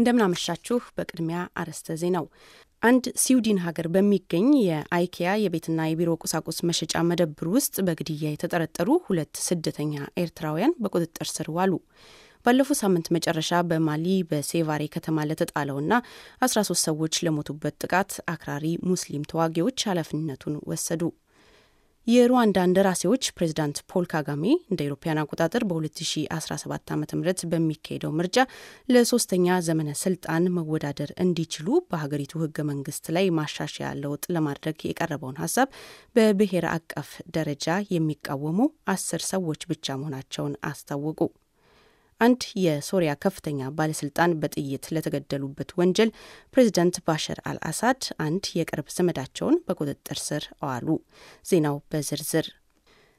እንደምናመሻችሁ። በቅድሚያ አርዕስተ ዜናው አንድ ስዊድን ሀገር በሚገኝ የአይኪያ የቤትና የቢሮ ቁሳቁስ መሸጫ መደብር ውስጥ በግድያ የተጠረጠሩ ሁለት ስደተኛ ኤርትራውያን በቁጥጥር ስር ዋሉ። ባለፈው ሳምንት መጨረሻ በማሊ በሴቫሬ ከተማ ለተጣለውና 13 ሰዎች ለሞቱበት ጥቃት አክራሪ ሙስሊም ተዋጊዎች ኃላፊነቱን ወሰዱ። የሩዋንዳ እንደራሴዎች ፕሬዚዳንት ፖል ካጋሜ እንደ አውሮፓውያን አቆጣጠር በ2017 ዓ ም በሚካሄደው ምርጫ ለሶስተኛ ዘመነ ስልጣን መወዳደር እንዲችሉ በሀገሪቱ ህገ መንግስት ላይ ማሻሻያ ለውጥ ለማድረግ የቀረበውን ሀሳብ በብሔር አቀፍ ደረጃ የሚቃወሙ አስር ሰዎች ብቻ መሆናቸውን አስታወቁ። አንድ የሶሪያ ከፍተኛ ባለስልጣን በጥይት ለተገደሉበት ወንጀል ፕሬዚዳንት ባሻር አልአሳድ አንድ የቅርብ ዘመዳቸውን በቁጥጥር ስር አዋሉ። ዜናው በዝርዝር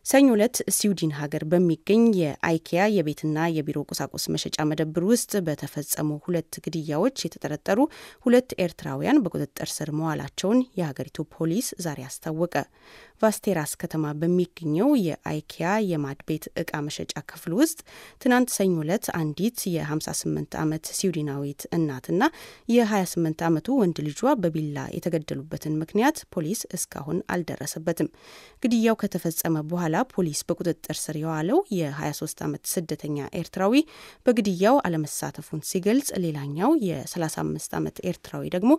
ሰኞ ዕለት ስዊድን ሀገር በሚገኝ የአይኪያ የቤትና የቢሮ ቁሳቁስ መሸጫ መደብር ውስጥ በተፈጸሙ ሁለት ግድያዎች የተጠረጠሩ ሁለት ኤርትራውያን በቁጥጥር ስር መዋላቸውን የሀገሪቱ ፖሊስ ዛሬ አስታወቀ። ቫስቴራስ ከተማ በሚገኘው የአይኪያ የማድቤት እቃ መሸጫ ክፍል ውስጥ ትናንት ሰኞ ዕለት አንዲት የ58 ዓመት ስዊድናዊት እናትና የ28 ዓመቱ ወንድ ልጇ በቢላ የተገደሉበትን ምክንያት ፖሊስ እስካሁን አልደረሰበትም። ግድያው ከተፈጸመ በኋላ ፖሊስ በቁጥጥር ስር የዋለው የ23 ዓመት ስደተኛ ኤርትራዊ በግድያው አለመሳተፉን ሲገልጽ፣ ሌላኛው የ35 ዓመት ኤርትራዊ ደግሞ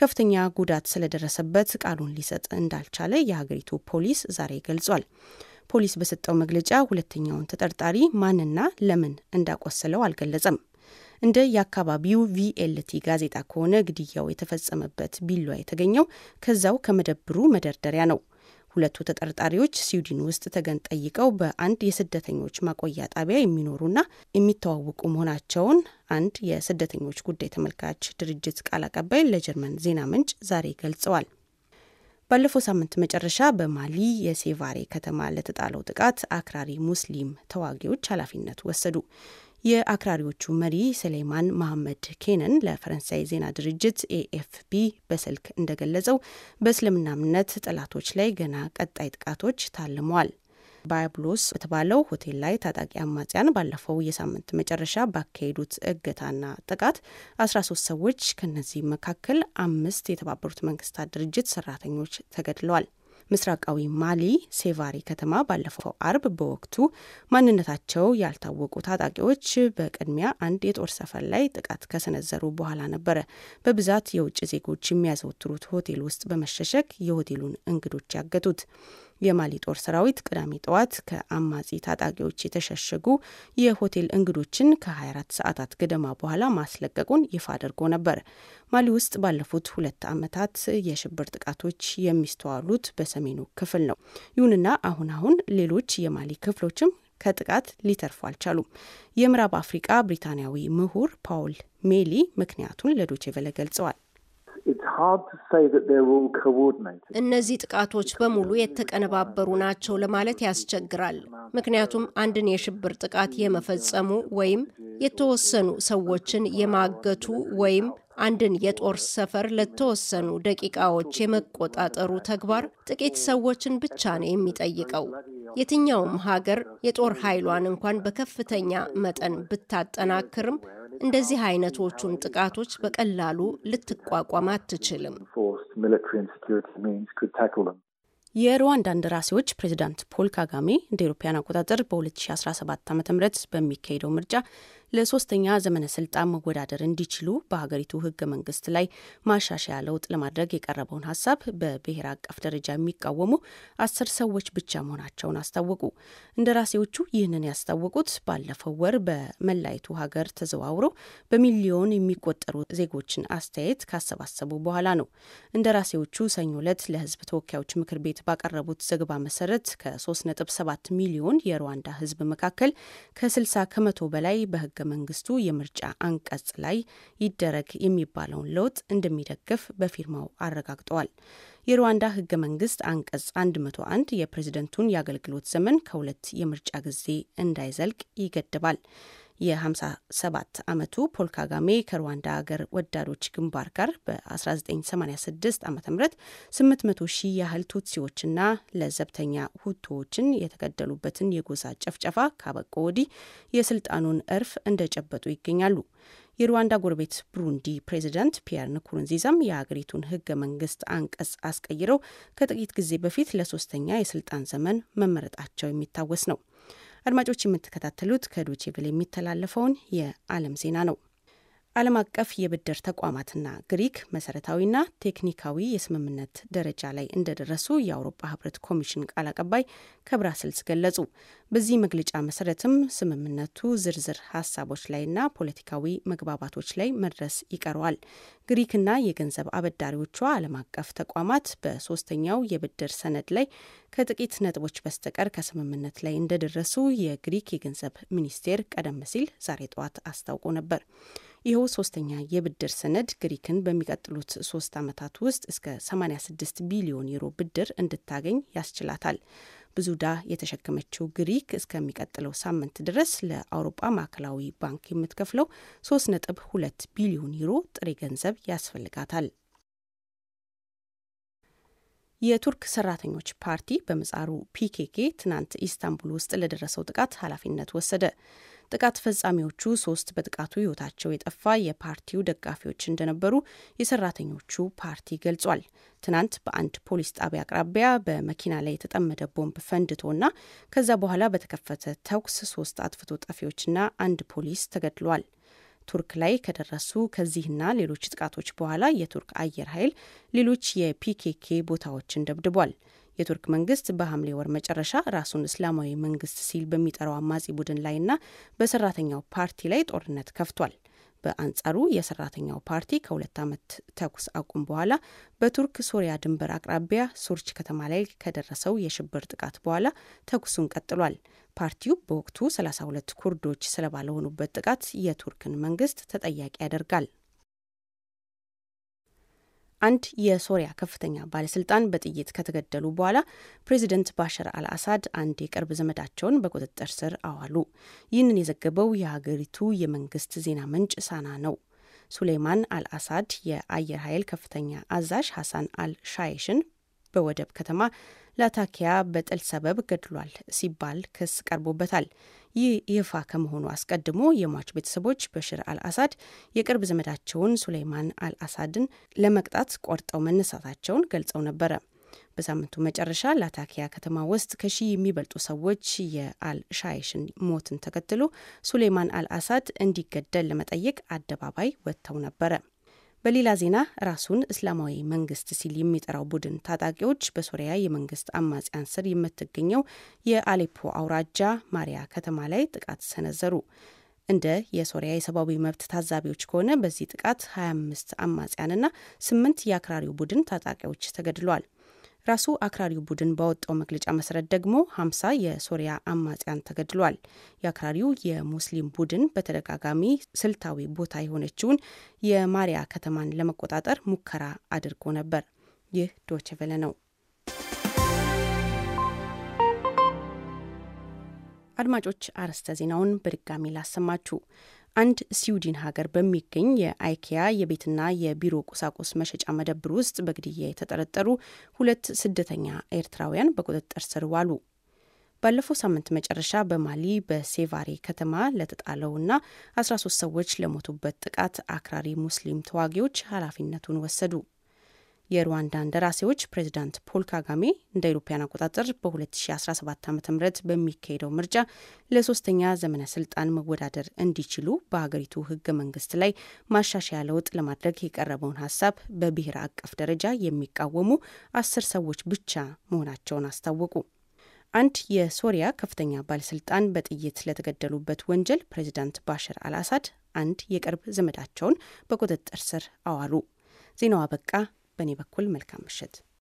ከፍተኛ ጉዳት ስለደረሰበት ቃሉን ሊሰጥ እንዳልቻለ የሀገሪቱ ፖሊስ ዛሬ ገልጿል። ፖሊስ በሰጠው መግለጫ ሁለተኛውን ተጠርጣሪ ማንና ለምን እንዳቆሰለው አልገለጸም። እንደ የአካባቢው ቪኤልቲ ጋዜጣ ከሆነ ግድያው የተፈጸመበት ቢሏ የተገኘው ከዛው ከመደብሩ መደርደሪያ ነው። ሁለቱ ተጠርጣሪዎች ስዊድን ውስጥ ተገን ጠይቀው በአንድ የስደተኞች ማቆያ ጣቢያ የሚኖሩና የሚተዋወቁ መሆናቸውን አንድ የስደተኞች ጉዳይ ተመልካች ድርጅት ቃል አቀባይ ለጀርመን ዜና ምንጭ ዛሬ ገልጸዋል። ባለፈው ሳምንት መጨረሻ በማሊ የሴቫሬ ከተማ ለተጣለው ጥቃት አክራሪ ሙስሊም ተዋጊዎች ኃላፊነት ወሰዱ። የአክራሪዎቹ መሪ ሰሌማን መሐመድ ኬነን ለፈረንሳይ ዜና ድርጅት ኤኤፍፒ በስልክ እንደገለጸው በእስልምና እምነት ጠላቶች ላይ ገና ቀጣይ ጥቃቶች ታልመዋል። ባያብሎስ በተባለው ሆቴል ላይ ታጣቂ አማጽያን ባለፈው የሳምንት መጨረሻ ባካሄዱት እገታና ጥቃት 13 ሰዎች ከነዚህ መካከል አምስት የተባበሩት መንግስታት ድርጅት ሰራተኞች ተገድለዋል። ምስራቃዊ ማሊ ሴቫሪ ከተማ ባለፈው አርብ በወቅቱ ማንነታቸው ያልታወቁ ታጣቂዎች በቅድሚያ አንድ የጦር ሰፈር ላይ ጥቃት ከሰነዘሩ በኋላ ነበረ በብዛት የውጭ ዜጎች የሚያዘወትሩት ሆቴል ውስጥ በመሸሸግ የሆቴሉን እንግዶች ያገቱት። የማሊ ጦር ሰራዊት ቅዳሜ ጠዋት ከአማጺ ታጣቂዎች የተሸሸጉ የሆቴል እንግዶችን ከ24 ሰዓታት ገደማ በኋላ ማስለቀቁን ይፋ አድርጎ ነበር። ማሊ ውስጥ ባለፉት ሁለት ዓመታት የሽብር ጥቃቶች የሚስተዋሉት በሰሜኑ ክፍል ነው። ይሁንና አሁን አሁን ሌሎች የማሊ ክፍሎችም ከጥቃት ሊተርፉ አልቻሉም። የምዕራብ አፍሪቃ ብሪታንያዊ ምሁር ፓውል ሜሊ ምክንያቱን ለዶቼ ቬለ ገልጸዋል። እነዚህ ጥቃቶች በሙሉ የተቀነባበሩ ናቸው ለማለት ያስቸግራል። ምክንያቱም አንድን የሽብር ጥቃት የመፈጸሙ ወይም የተወሰኑ ሰዎችን የማገቱ ወይም አንድን የጦር ሰፈር ለተወሰኑ ደቂቃዎች የመቆጣጠሩ ተግባር ጥቂት ሰዎችን ብቻ ነው የሚጠይቀው። የትኛውም ሀገር የጦር ኃይሏን እንኳን በከፍተኛ መጠን ብታጠናክርም እንደዚህ አይነቶቹን ጥቃቶች በቀላሉ ልትቋቋም አትችልም። የሩዋንዳን ደራሲዎች ፕሬዚዳንት ፖል ካጋሜ እንደ ኤሮፓያን አቆጣጠር በ2017 ዓ ም በሚካሄደው ምርጫ ለሶስተኛ ዘመነ ስልጣን መወዳደር እንዲችሉ በሀገሪቱ ህገ መንግስት ላይ ማሻሻያ ለውጥ ለማድረግ የቀረበውን ሀሳብ በብሔር አቀፍ ደረጃ የሚቃወሙ አስር ሰዎች ብቻ መሆናቸውን አስታወቁ። እንደራሴዎቹ ይህንን ያስታወቁት ባለፈው ወር በመላይቱ ሀገር ተዘዋውረው በሚሊዮን የሚቆጠሩ ዜጎችን አስተያየት ካሰባሰቡ በኋላ ነው። እንደራሴዎቹ ሰኞ ዕለት ለህዝብ ተወካዮች ምክር ቤት ባቀረቡት ዘገባ መሰረት ከ3.7 ሚሊዮን የሩዋንዳ ህዝብ መካከል ከ60 ከመቶ በላይ በህግ ህገ መንግስቱ የምርጫ አንቀጽ ላይ ይደረግ የሚባለውን ለውጥ እንደሚደግፍ በፊርማው አረጋግጠዋል። የሩዋንዳ ህገ መንግስት አንቀጽ 101 የፕሬዝደንቱን የአገልግሎት ዘመን ከሁለት የምርጫ ጊዜ እንዳይዘልቅ ይገድባል። የ57 ዓመቱ ፖል ካጋሜ ከሩዋንዳ ሀገር ወዳዶች ግንባር ጋር በ1986 ዓ ም 800 ሺህ ያህል ቱትሲዎችና ለዘብተኛ ሁቶዎችን የተገደሉበትን የጎሳ ጨፍጨፋ ካበቆ ወዲህ የስልጣኑን እርፍ እንደጨበጡ ይገኛሉ። የሩዋንዳ ጎረቤት ብሩንዲ ፕሬዚደንት ፒየር ንኩሩንዚዛም የሀገሪቱን ህገ መንግስት አንቀጽ አስቀይረው ከጥቂት ጊዜ በፊት ለሶስተኛ የስልጣን ዘመን መመረጣቸው የሚታወስ ነው። አድማጮች የምትከታተሉት ከዶቼ ቬለ የሚተላለፈውን የዓለም ዜና ነው። ዓለም አቀፍ የብድር ተቋማትና ግሪክ መሰረታዊና ቴክኒካዊ የስምምነት ደረጃ ላይ እንደደረሱ የአውሮፓ ህብረት ኮሚሽን ቃል አቀባይ ከብራስልስ ገለጹ። በዚህ መግለጫ መሰረትም ስምምነቱ ዝርዝር ሀሳቦች ላይና ፖለቲካዊ መግባባቶች ላይ መድረስ ይቀረዋል። ግሪክና የገንዘብ አበዳሪዎቿ ዓለም አቀፍ ተቋማት በሶስተኛው የብድር ሰነድ ላይ ከጥቂት ነጥቦች በስተቀር ከስምምነት ላይ እንደደረሱ የግሪክ የገንዘብ ሚኒስቴር ቀደም ሲል ዛሬ ጠዋት አስታውቆ ነበር። ይኸው ሶስተኛ የብድር ሰነድ ግሪክን በሚቀጥሉት ሶስት ዓመታት ውስጥ እስከ 86 ቢሊዮን ዩሮ ብድር እንድታገኝ ያስችላታል። ብዙ ዳ የተሸከመችው ግሪክ እስከሚቀጥለው ሳምንት ድረስ ለአውሮፓ ማዕከላዊ ባንክ የምትከፍለው 3.2 ቢሊዮን ዩሮ ጥሬ ገንዘብ ያስፈልጋታል። የቱርክ ሰራተኞች ፓርቲ በምጻሩ ፒኬኬ ትናንት ኢስታንቡል ውስጥ ለደረሰው ጥቃት ኃላፊነት ወሰደ። ጥቃት ፈጻሚዎቹ ሶስት በጥቃቱ ህይወታቸው የጠፋ የፓርቲው ደጋፊዎች እንደነበሩ የሰራተኞቹ ፓርቲ ገልጿል። ትናንት በአንድ ፖሊስ ጣቢያ አቅራቢያ በመኪና ላይ የተጠመደ ቦምብ ፈንድቶና ከዛ በኋላ በተከፈተ ተኩስ ሶስት አጥፍቶ ጠፊዎችና አንድ ፖሊስ ተገድሏል። ቱርክ ላይ ከደረሱ ከዚህና ሌሎች ጥቃቶች በኋላ የቱርክ አየር ኃይል ሌሎች የፒኬኬ ቦታዎችን ደብድቧል። የቱርክ መንግስት በሐምሌ ወር መጨረሻ ራሱን እስላማዊ መንግስት ሲል በሚጠራው አማጺ ቡድን ላይና በሰራተኛው ፓርቲ ላይ ጦርነት ከፍቷል። በአንጻሩ የሰራተኛው ፓርቲ ከሁለት ዓመት ተኩስ አቁም በኋላ በቱርክ ሶሪያ ድንበር አቅራቢያ ሱርች ከተማ ላይ ከደረሰው የሽብር ጥቃት በኋላ ተኩሱን ቀጥሏል። ፓርቲው በወቅቱ 32 ኩርዶች ሰለባ ለሆኑበት ጥቃት የቱርክን መንግስት ተጠያቂ ያደርጋል። አንድ የሶሪያ ከፍተኛ ባለስልጣን በጥይት ከተገደሉ በኋላ ፕሬዚደንት ባሻር አልአሳድ አንድ የቅርብ ዘመዳቸውን በቁጥጥር ስር አዋሉ። ይህንን የዘገበው የሀገሪቱ የመንግስት ዜና ምንጭ ሳና ነው። ሱሌይማን አልአሳድ የአየር ኃይል ከፍተኛ አዛዥ ሐሳን አልሻይሽን። በወደብ ከተማ ላታኪያ በጥል ሰበብ ገድሏል ሲባል ክስ ቀርቦበታል። ይህ ይፋ ከመሆኑ አስቀድሞ የሟች ቤተሰቦች በሽር አልአሳድ የቅርብ ዘመዳቸውን ሱሌይማን አልአሳድን ለመቅጣት ቆርጠው መነሳታቸውን ገልጸው ነበረ። በሳምንቱ መጨረሻ ላታኪያ ከተማ ውስጥ ከሺህ የሚበልጡ ሰዎች የአልሻይሽን ሞትን ተከትሎ ሱሌይማን አልአሳድ እንዲገደል ለመጠየቅ አደባባይ ወጥተው ነበረ። በሌላ ዜና ራሱን እስላማዊ መንግስት ሲል የሚጠራው ቡድን ታጣቂዎች በሶሪያ የመንግስት አማጽያን ስር የምትገኘው የአሌፖ አውራጃ ማሪያ ከተማ ላይ ጥቃት ሰነዘሩ። እንደ የሶሪያ የሰብአዊ መብት ታዛቢዎች ከሆነ በዚህ ጥቃት 25 አማጽያንና ስምንት የአክራሪው ቡድን ታጣቂዎች ተገድለዋል። ራሱ አክራሪው ቡድን ባወጣው መግለጫ መሰረት ደግሞ 50 የሶሪያ አማጽያን ተገድሏል። የአክራሪው የሙስሊም ቡድን በተደጋጋሚ ስልታዊ ቦታ የሆነችውን የማሪያ ከተማን ለመቆጣጠር ሙከራ አድርጎ ነበር። ይህ ዶችቨለ ነው። አድማጮች፣ አርዕስተ ዜናውን በድጋሚ ላሰማችሁ። አንድ ስዊድን ሀገር በሚገኝ የአይኪያ የቤትና የቢሮ ቁሳቁስ መሸጫ መደብር ውስጥ በግድያ የተጠረጠሩ ሁለት ስደተኛ ኤርትራውያን በቁጥጥር ስር ዋሉ። ባለፈው ሳምንት መጨረሻ በማሊ በሴቫሬ ከተማ ለተጣለውና 13 ሰዎች ለሞቱበት ጥቃት አክራሪ ሙስሊም ተዋጊዎች ኃላፊነቱን ወሰዱ። የሩዋንዳ እንደራሴዎች ፕሬዚዳንት ፖል ካጋሜ እንደ አውሮፓውያን አቆጣጠር በ2017 ዓ ም በሚካሄደው ምርጫ ለሶስተኛ ዘመነ ስልጣን መወዳደር እንዲችሉ በሀገሪቱ ህገ መንግስት ላይ ማሻሻያ ለውጥ ለማድረግ የቀረበውን ሀሳብ በብሔር አቀፍ ደረጃ የሚቃወሙ አስር ሰዎች ብቻ መሆናቸውን አስታወቁ። አንድ የሶሪያ ከፍተኛ ባለስልጣን በጥይት ለተገደሉበት ወንጀል ፕሬዚዳንት ባሽር አልአሳድ አንድ የቅርብ ዘመዳቸውን በቁጥጥር ስር አዋሉ። ዜናው አበቃ። በእኔ በኩል መልካም ምሽት።